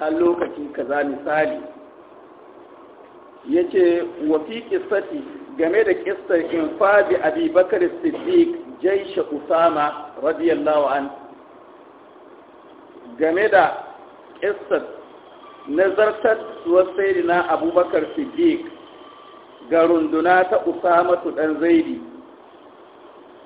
har lokaci kaza misali yace wa fi qissati game da qissar infadi abubakar Bakar Siddiq jaysh Usama radiyallahu an game da qissar nazartar na Abubakar Siddiq ga runduna ta Usama tu dan Zaidi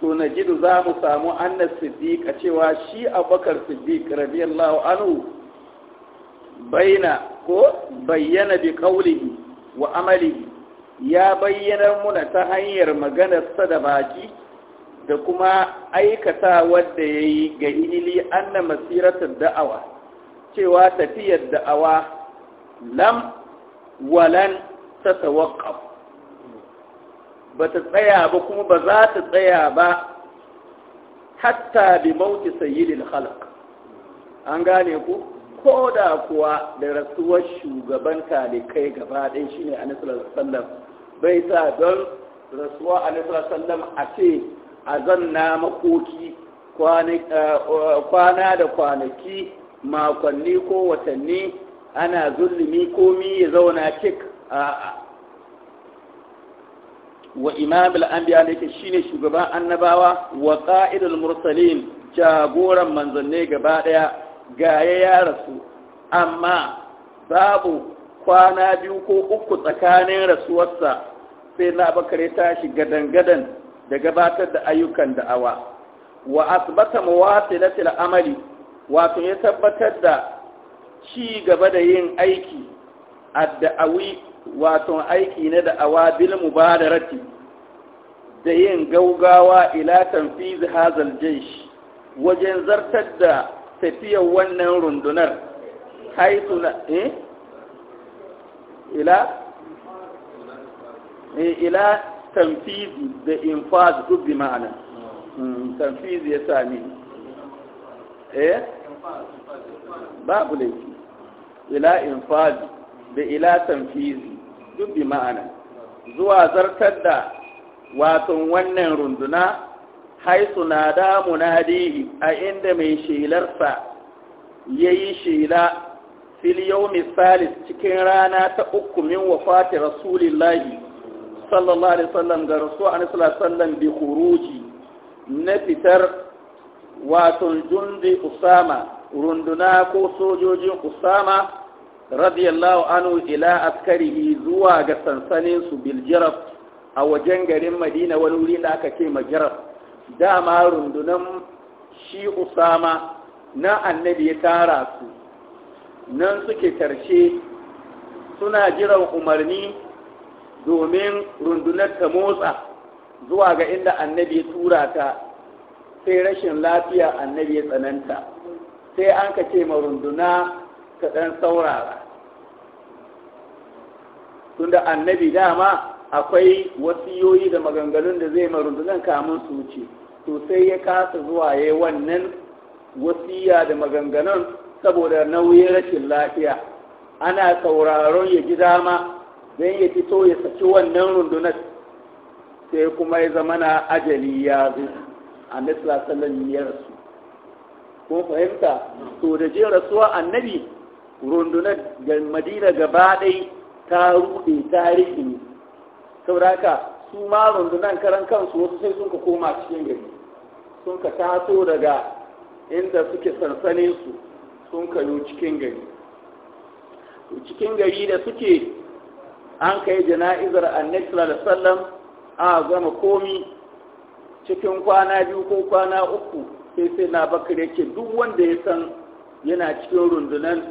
to najidu za mu samu annas Siddiq cewa shi Abubakar Siddiq radiyallahu anhu baina ko bayyana bi qawlihi wa amalihi ya bayyana muna ta hanyar maganarsa da baki da kuma aikata wadda ya yi ga ilili anna masiratar da'awa cewa tafiyar da'awa lam walan ta tawakkaf ba ta tsaya ba kuma ba za ta tsaya ba hatta bi mauti sayyidil khalq an gane ku ko da kuwa da rasuwar shugaban talikai gaba ɗaya shi ne sallam bai sa don rasuwa anisalar sallam a ce a zanna makoki eh, kwana da kwanaki makonni ko watanni ana zulumi komi ya zauna kik a wa imam al'ambiya ne shi shine shugaban annabawa wa ƙa'idar mursalin jagoran manzanni gaba ɗaya gaya ya rasu amma babu kwana biyu ko uku tsakanin rasuwarsa sai na bakare ta gadan gadan da gabatar da ayyukan da'awa wa asbata muwasilatil amali wato ya tabbatar da ci gaba da yin aiki adda'awi wato aiki na da'awa bil mubadarati da yin gaugawa ila tanfiz hazal jaysh wajen zartar da tafiya wannan rundunar haitu na eh ila eh, ila tanfizi da infaz duk bi ma'ana hmm, tanfizi ya sami eh babu laifi ila infazi da ila tanfizi duk bi ma'ana zuwa zartar da wato wannan runduna haisu na da munadihi a inda mai shelarsa ya yi shela filiyau misalis cikin rana ta uku min wafati rasulillahi sallallahu alaihi sallam ga rasu a nisala sallam bi kuruji na fitar waton jundi usama runduna ko sojojin usama radiyallahu anhu ila askarihi zuwa ga sansaninsu biljiraf a wajen garin madina wani wuri da aka ce majiraf dama rundunan shi usama na annabi ya tara su nan suke tarshe suna jiran umarni domin rundunar ta motsa zuwa ga inda annabi ya tura ta sai rashin lafiya annabi ya tsananta sai an ka ce runduna ta ɗan saurara tunda annabi dama akwai wasiyoyi da maganganun da zai marundunan kamun su wuce to sai ya kasa zuwa ya wannan wasiya da maganganun saboda nauyin rashin lafiya ana sauraron ya ji dama don ya fito ya saki wannan rundunar sai kuma ya zama na ajali ya zo a sallan ya rasu kun fahimta to da jin rasuwa annabi rundunar da madina gaba ɗai ta ruɗe tarihi ne. sauraka su ma rundunan karan kansu wasu sai sun ka koma cikin gari sun ka taso daga inda suke sansanin su sun ka yi cikin gari cikin gari da suke an yi jana'izar annabi da sallam a gama komi cikin kwana biyu ko kwana uku sai sai na bakar yake duk wanda ya san yana cikin rundunan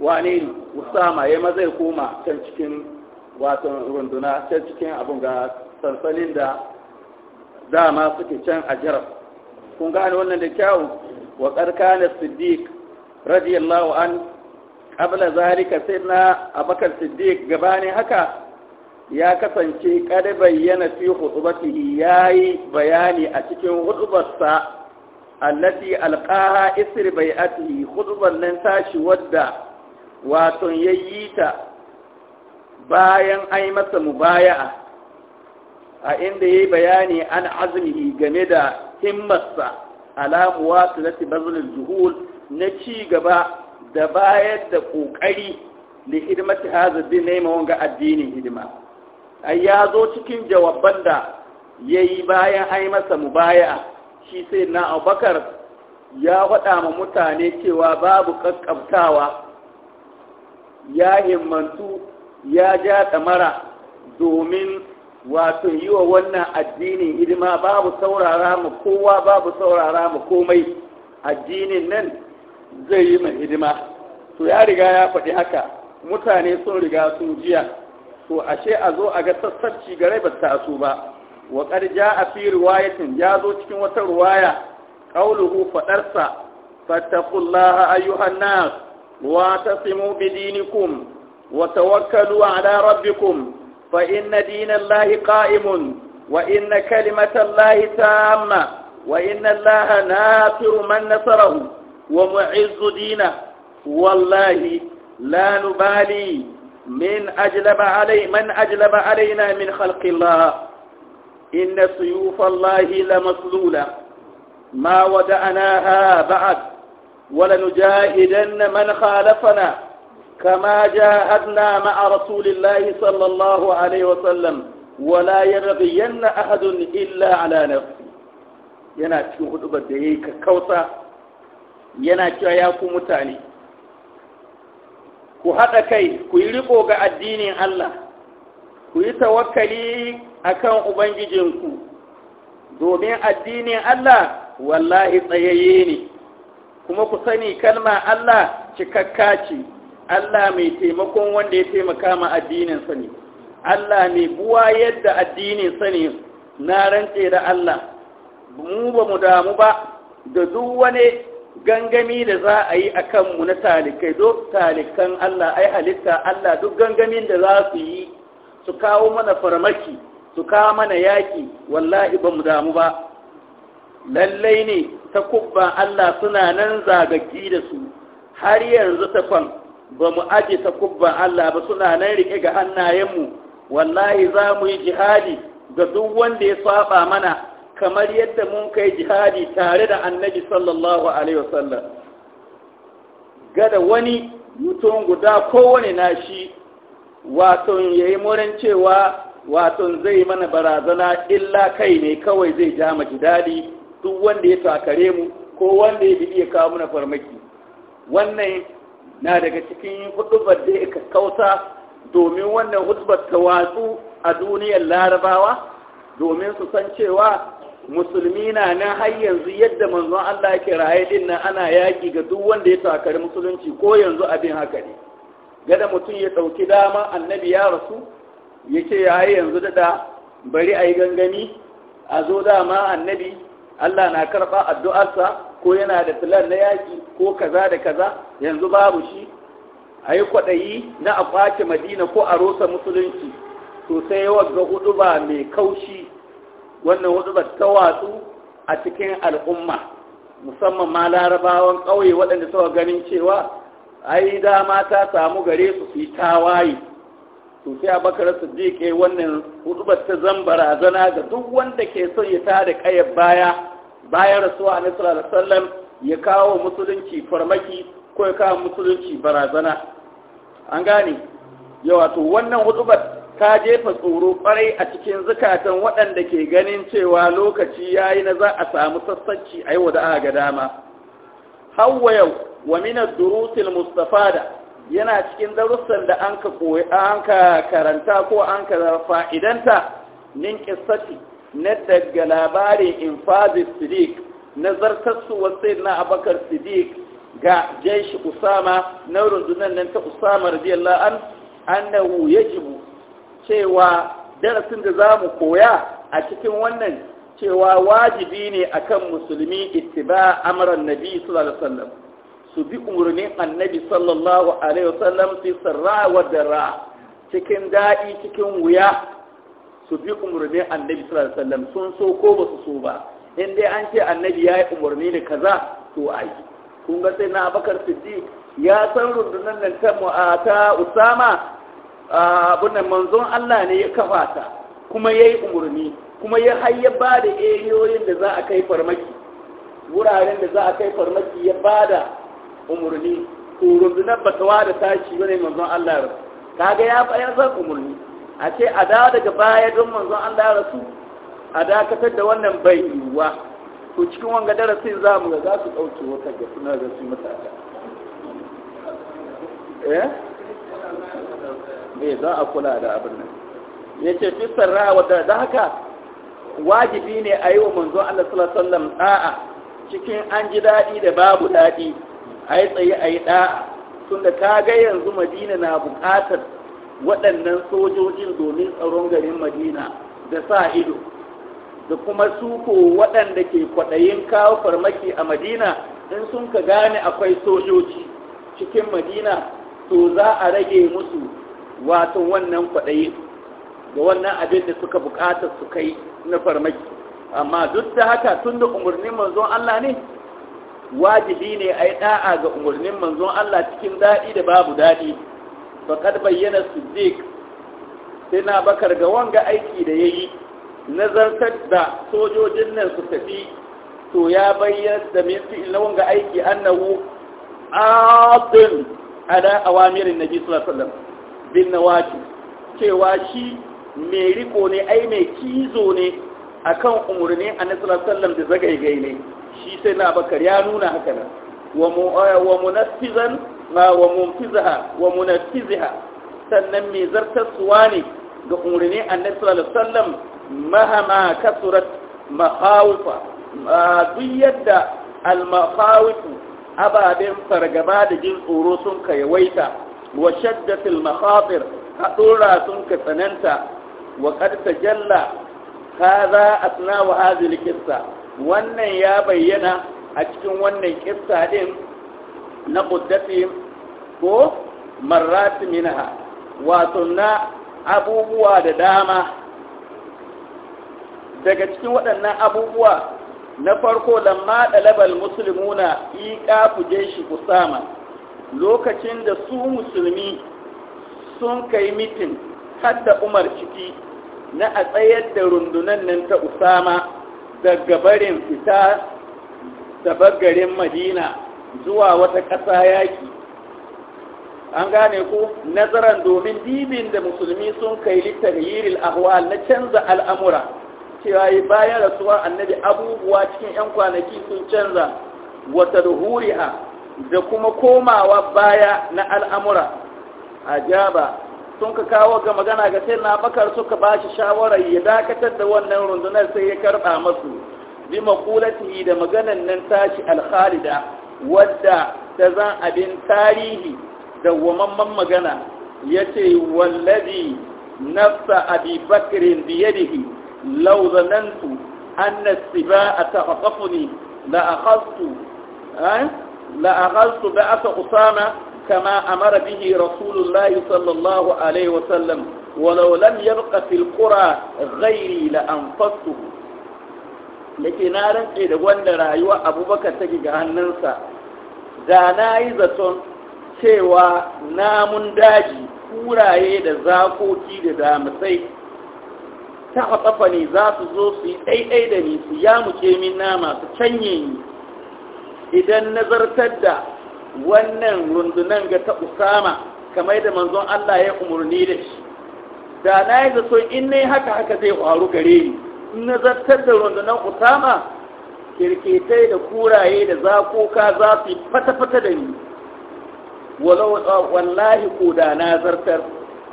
wane ne usama ya maza koma can cikin wato runduna ta cikin abin ga sansanin da dama suke can a jarab kun gane wannan da kyawu wa karkanar siddiq radiyallahu an ƙabla zalika sai na abakar siddiq gabanin haka ya kasance kada bayyana fi ya yayi bayani a cikin hudubarsa allati alqaha isri bai'atihi hudubar nan tashi wadda wato yayi ta bayan ai masa mubaya'a a inda yayi bayani an azumi game da himmarsa alamuwa muwasilati bazl al-zuhul na ci gaba da bayar da kokari li hidmati hadha din ma ga addinin hidima ai ya zo cikin jawaban da yayi bayan ai masa mubaya'a shi sai na Abubakar ya faɗa ma mutane cewa babu kakkabtawa ya himmantu ya ja tsamara domin wato yi wa wannan addinin hidima babu saurara mu kowa babu saurara mu komai addinin nan zai yi mai hidima to ya riga ya faɗi haka mutane sun riga sun jiya to ashe a zo a ga sassarci gare ba taso ba wa ja a fi riwayatin ya zo cikin wata ruwaya. qauluhu faɗarsa fattaqullaha ayyuhan wa tasimu bidinikum وتوكلوا على ربكم فإن دين الله قائم وإن كلمة الله تامة وإن الله ناصر من نصره ومعز دينه والله لا نبالي من أجلب علي من أجلب علينا من خلق الله إن سيوف الله لمسلولة ما ودعناها بعد ولنجاهدن من خالفنا كما جاهدنا مع رسول الله صلى الله عليه وسلم ولا يرضين أحد إلا على نفسه yana cikin hudubar da ya yi kakkausa yana cewa ya ku mutane ku haɗa kai ku yi riƙo ga addinin Allah ku yi tawakkali akan ubangijinku domin addinin Allah wallahi tsayayye ne kuma ku sani kalma Allah cikakka ce Allah mai taimakon wanda ya taimaka ma addininsa ne Allah mai buwa yadda addininsa ne na rantse da Allah mu ba mu damu ba da duk wani gangami da za a yi a kanmu na talikai duk talikan Allah ai halitta Allah duk gangamin da za su yi su kawo mana farmaki su kawo mana yaƙi wallahi ba mu damu ba lallai ne ta kubba Allah suna nan zagaggi da su har yanzu tafan ba mu aje kubba Allah ba suna nan rike ga hannayenmu wallahi za mu yi jihadi ga duk wanda ya saba mana kamar yadda mun kai jihadi tare da annabi sallallahu alaihi wasallam gada wani mutum guda kowane nashi wato ya yi murin cewa wato zai mana barazana illa kai ne kawai zai ja mu daɗi duk wanda ya takare mu ko wanda ya bi iya kawo mana farmaki wannan na daga cikin hudubar da ya kakauta domin wannan hudubar ta watsu a duniyar larabawa domin su san cewa musulmi na nan har yanzu yadda manzon Allah ke raye din nan ana yaki ga duk wanda ya takari musulunci ko yanzu abin haka ne gada mutum ya ɗauki dama annabi ya rasu ya ce ya yanzu ɗa, bari a yi gangami a zo dama annabi Allah na karɓa addu'arsa ko yana da filan na yaƙi ko kaza da kaza yanzu babu shi a yi kwaɗayi na a ƙwace madina ko a rosa musulunci Sosai yawa ga hudu ba mai kaushi wannan hudu ba ta watsu a cikin al'umma musamman ma larabawan ƙauye waɗanda suka ganin cewa ai dama ta samu gare su su yi tawaye a bakar su siddiq wannan ba ta zan barazana ga duk wanda ke son ya tada ƙayar baya bayan rasuwa a nasarar da sallam ya kawo musulunci farmaki ko ya kawo musulunci barazana an gane Yawa to wannan hudubar ta jefa tsoro kwarai a cikin zukatan waɗanda ke ganin cewa lokaci ya yi na za a samu sassanci a yi wa da ga dama hawa yau wa minar durusil mustafada yana cikin darussan da an ka karanta ko an ka fa'idanta nin kissati na daga labarin infazi sidik na zartarsu sai na abakar sidik ga jeshi usama na rundunar nan ta usama radiyallahu an annahu yajibu cewa darasin da za mu koya a cikin wannan cewa wajibi ne akan musulmi ittiba amran nabi sallallahu alaihi wasallam su bi umarnin annabi sallallahu alaihi wasallam fi sarra wa cikin daɗi cikin wuya su bi umarnin annabi sallallahu alaihi wasallam sun so ko ba su so ba in dai an ce annabi ya yi umarni ne kaza to ai kun ga sai na abakar siddi ya san rundunar nan ta usama abun nan manzon Allah ne ya kafa ta kuma ya yi umarni kuma ya hayya ba da eriyoyin da za a kai farmaki wuraren da za a kai farmaki ya ba da umarni to rundunar batawa da tashi ne manzon Allah ya kaga ya bayar zan umarni a ce a dawo daga baya don manzon Allah lara rasu a dakatar da wannan bai yiwuwa to cikin wanga darasin za mu ga za su ɗauke wata ga suna da su matata eh me za a kula da abin nan ya ce fi sarra wadda da haka wajibi ne a yi wa manzon Allah sallallahu alaihi wasallam da'a cikin an ji daɗi da babu daɗi a yi tsaye a yi da'a tunda ka ga yanzu madina na buƙatar waɗannan sojojin domin tsaron garin madina da sa ido da kuma suko waɗanda ke kwaɗayin kawo farmaki a madina in sun ka gane akwai sojoji cikin madina to za a rage musu wato wannan kwaɗayin da wannan abin da suka buƙatar su kai na farmaki amma duk da haka tun da umarnin manzon Allah ne wajibi ne a yi ɗa'a ga umarnin manzon Allah cikin daɗi da babu daɗi faqad bayyana siddiq Sina bakar ga wanga aiki da yayi yi nazartar da sojojin nan su tafi to ya bayyana da minti na wanga aiki annahu adin ada awamirin nabi sallallahu alaihi wasallam bin cewa shi me riko ne ai me kizo ne akan umarni annabi sallallahu alaihi wasallam da zagaigai ne shi sai na ya nuna haka nan wa munaffizan ma wa munfizaha wa munafizaha sannan mai zartarsuwa ne ga umarni annabi sallallahu alaihi wasallam mahama kasurat makhawifa duk yadda al ababen fargaba da jin tsoro sun ka yawaita wa shaddatil makhatir haɗura sun ka tsananta wa qad tajalla hadha asna wa hadhihi al wannan ya bayyana a cikin wannan kissa din na quddatihim ko marrat minha wato na abubuwa da dama daga cikin waɗannan abubuwa na farko lamma ɗalabal musulmuna iƙa kuje shi kusama lokacin da su musulmi sun kai mitin hadda umar ciki na a tsayar da rundunan nan ta usama daga barin fita da bagarin madina zuwa wata ƙasa yaƙi an gane ku nazaran domin dibin da musulmi sun kai littaryiril ahwal na canza al'amura cewa bayan rasuwa annabi abubuwa cikin 'yan kwanaki sun canza wata ruhuriha da kuma komawa baya na al'amura a jaba sun ka kawo ga magana ga sai na bakar suka ba shi shawarar ya dakatar da wannan rundunar sai ya karɓa masu bi makulatihi da maganan nan tashi alkhalida wadda ta zan abin tarihi da wamamman magana ya ce wallazi nafsa abi bakirin biyadihi lauzanantu anna siba a tafafafuni la'akastu da aka usama kama أمر به رسول الله صلى الله عليه وسلم ولو لم يبق في القرى غيري لأنفسته Da ke na rantse da wanda rayuwa abubakar ta ga hannunsa da na yi zaton cewa namun daji kuraye da zakoki da damisai ta hatsafa ne za su zo su yi ɗaiɗai da ni su ya muke min nama su canye ni idan nazartar da wannan rundunan ga ta usama kamar da manzon Allah ya umarni da shi da na yi zaton in ne haka haka zai faru gare ni na zartar da rundunar usama kirketai da kuraye da zakoka za su fata-fata da ni wallahi ko da nazartar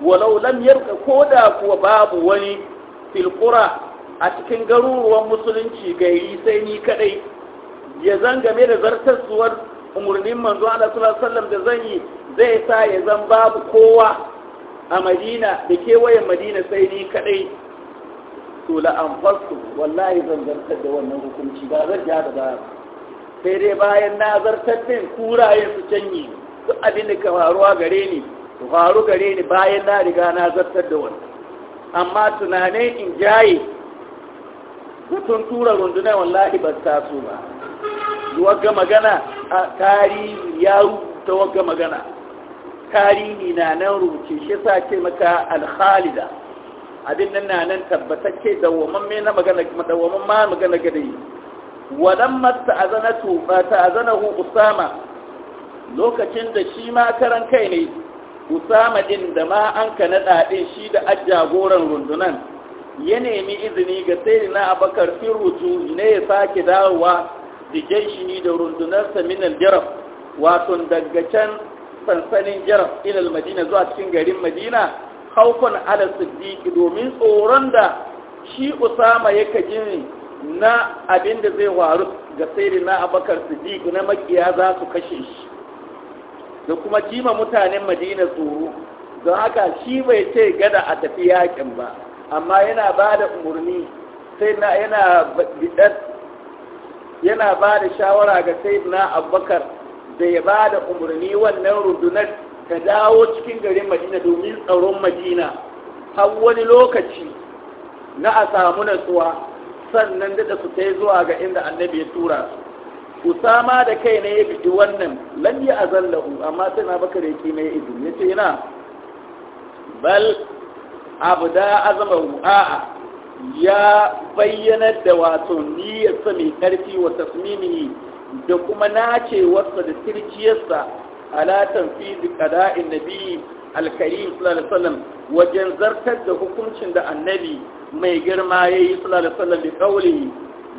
walau lam yarka ko da kuwa babu wani filkura a cikin garuruwan musulunci yi sai ni kadai ya zangame da zartarsuwar umarnin manzo Allah sallallahu da zan yi zai sa ya zan babu kowa a Madina da kewayen Madina sai ni kadai to la fasu wallahi zan zartar da wannan hukunci ba zan ja da ba sai dai bayan na zartar din kuraye su canyi su abin da ka faruwa gare ni su faru gare ni bayan na riga na zartar da wannan amma tunanin in jaye mutum tura rundunar wallahi ba ta so ba wagga magana a tarihi ya rubuta wagga magana tarihi na nan rubuce shi sa ce maka alkhalida abin nan na nan tabbatacce da mai na magana madawwamin ma magana gade walamma a fa ta'azanahu usama lokacin da shi ma karan kai ne usama din da ma an ka nada din shi da ajjagoran rundunan ya nemi izini ga sayyidina abakar fil ruju ne ya sake dawowa da jaishi da rundunarsa min al-jarab wato daga can sansanin jarab ila madina zuwa cikin garin madina haukun ala siddiqi domin tsoron da shi usama yake jin na abin da zai waru ga sayyidi na abakar siddiqi na makiya za su kashe shi da kuma jima mutanen madina tsoro don haka shi bai ce gada a tafi yakin ba amma yana ba da umarni sai na yana bidat yana ba da shawara ga sayyidi na abakar da ya ba da umarni wannan rundunar ka dawo cikin garin madina domin tsaron madina har wani lokaci na a samu natsuwa sannan daɗa su kai zuwa ga inda annabi ya tura su usama da kai ne ya fiti wannan lan ya azallahu amma sai na baka reki mai ya ce yana bal da azama a'a ya bayyana da wato niyyarsa mai karfi wa tasmini da kuma nacewarsa da tirkiyarsa ala tanfizi qada'in nabi alkarim sallallahu alaihi wasallam wajen zartar da hukuncin da annabi mai girma yayi sallallahu alaihi wasallam bi qawli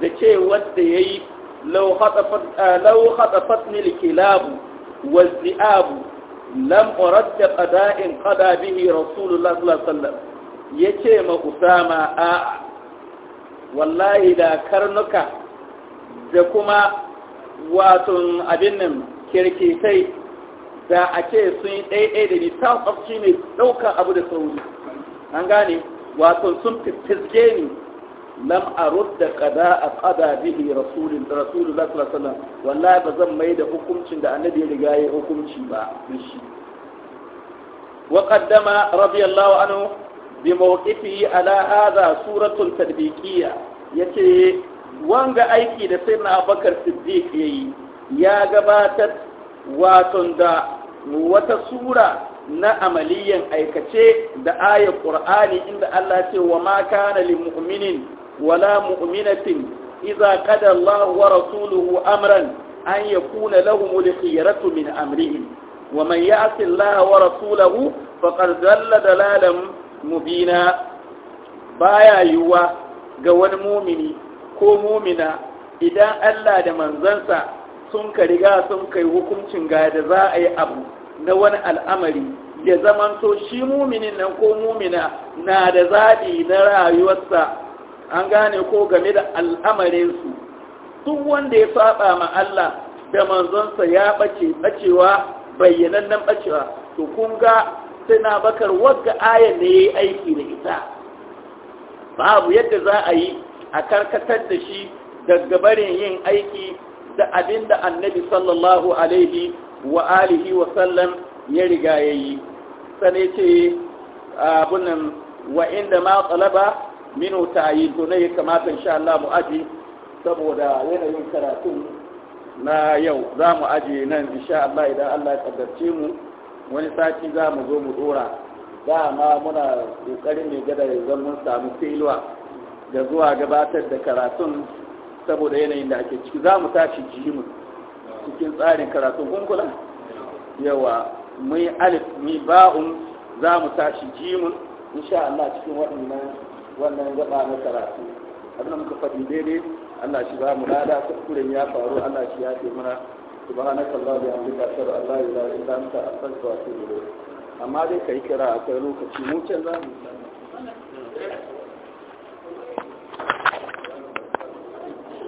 da ce wanda yayi law khatafat ah, law khatafatni alkilab waz'ab lam urad qada'in qada bihi rasulullah sallallahu alaihi wasallam ma usama a wallahi da karnuka da kuma wato abin kirkitai da a ce sun yi ɗaiɗai da ni ta ne ɗaukar abu da sauri an gane wato sun fiske ni lam a rudda ƙada a ƙada bihi rasulun da rasulun da sallallahu wallahi ba zan mai da hukuncin da annabi ya riga ya hukunci ba da shi wa qaddama radiyallahu anhu bi mawqifihi ala hadha suratul tadbiqiyya yace wanga aiki da sayyidina abubakar siddiq yayi ya gabatar waton da wata sura na amaliyan aikace da ayar ƙur'ani inda Allah ce wa maka kana lil mu'minin wala mu'minatin idza kada Allah wa rasuluhu amran an kuna lahum da khiyaratu min amrihim wa man ya'si Allah wa rasulahu faqad dalla dalalan mubina baya yuwa ga wani mumini ko mumina idan Allah da manzansa sun ka riga sun kai hukuncin ga da za a yi abu na wani al'amari ya zamanto shi muminin nan ko mumina na da zaɓi na rayuwarsa an gane ko game da al'amarinsu duk wanda ya saba ma Allah da manzonsa ya ɓace ɓacewa bayyanannen ɓacewa to kun ga sai na bakar wadda da ya yi aiki da ita babu yadda za a yi a karkatar da shi daga barin yin aiki da abinda annabi sallallahu alaihi wa alihi wa sallam ya riga ya yayi sane ce abunan wa inda ma talaba minu yi. to ne kamata insha Allah mu aji saboda yanayin karatu na yau za mu aji nan insha Allah idan Allah ya kaddarce mu wani sati za mu zo mu dora ma muna kokarin ne gada ya zama mun samu filwa da zuwa gabatar da karatun saboda yanayin da ake ciki za mu tashi jihimu cikin tsarin karatun kunkula yawa mai alif mai ba'un za mu tashi jimun insha Allah cikin waɗannan wannan gaba na karatu abin da muka faɗi daidai Allah shi ba mu lada kuskuren ya faru Allah shi ya ce mana subhanaka Allah bi hamdika ashhadu an la ilaha illa anta astaghfiruka wa atubu ilayk amma dai kai kira a kai lokaci mu can za mu